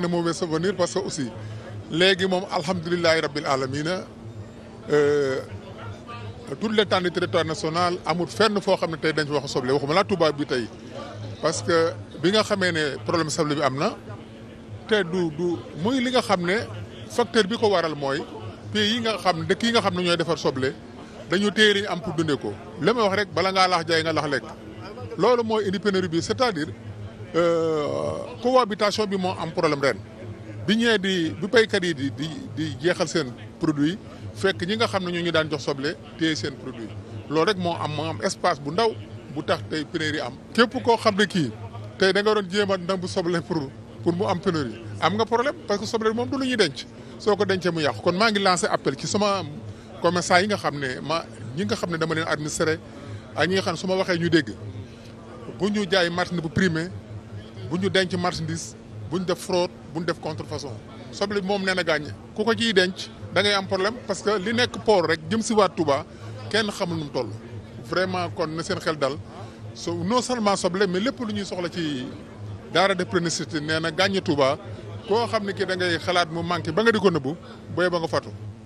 ne mauvais souvenir parce que aussi léegi moom alhamdulilahi rabbil alamina euh, tout l'étendue du territoire national amul fenn foo xam ne tey dañ fi wax soble waxuma laa Touba bi tey parce que bi nga xamee ne problème soble bi am na te du du muy li nga xam ne facteur bi ko waral mooy pays yi nga xam dëkk yi nga xam ne ñooy defar soble dañu téye li am pour dundee ko li may wax rek bala ngaa laax jaay nga laax lekk loolu mooy indi pénurie bi c'est-à-dire Euh, cohabitation bi moo am problème ren bi ñëwee di bi béykat yi di di di jeexal seen produit fekk ñi nga xam ne ñoo ñu daan jox soble téye seen produit loolu rek moo am moo am espace bu ndaw bu tax tey yi am. képp koo xam ne kii tey da nga doon jéem a ndam bu soble pour pour mu am pénurie am nga problème parce que soble moom du lu ñuy denc soo ko dencee mu yàqu kon maa ngi lancé appel ci sama commerçant yi nga xam ne ma ñi nga xam ne dama leen administré ak ñi su ma waxee ñu dégg ñu jaay marché bu primé. bu ñu denc marchandise bu ñu def fraude bu ñu def contrefaçon soble bi moom nee na gàññe ku ko ciy denc dangay am problème parce que li nekk port rek jëm si waa Touba kenn xamul nu mu toll. vraiment kon na seen xel dal so non solement soble mais lépp lu ñuy soxla ci daara de prénicité nee na gàññe Touba koo xam ne kii da xalaat mu manqué ba nga di ko nëbbu booy ba nga fatu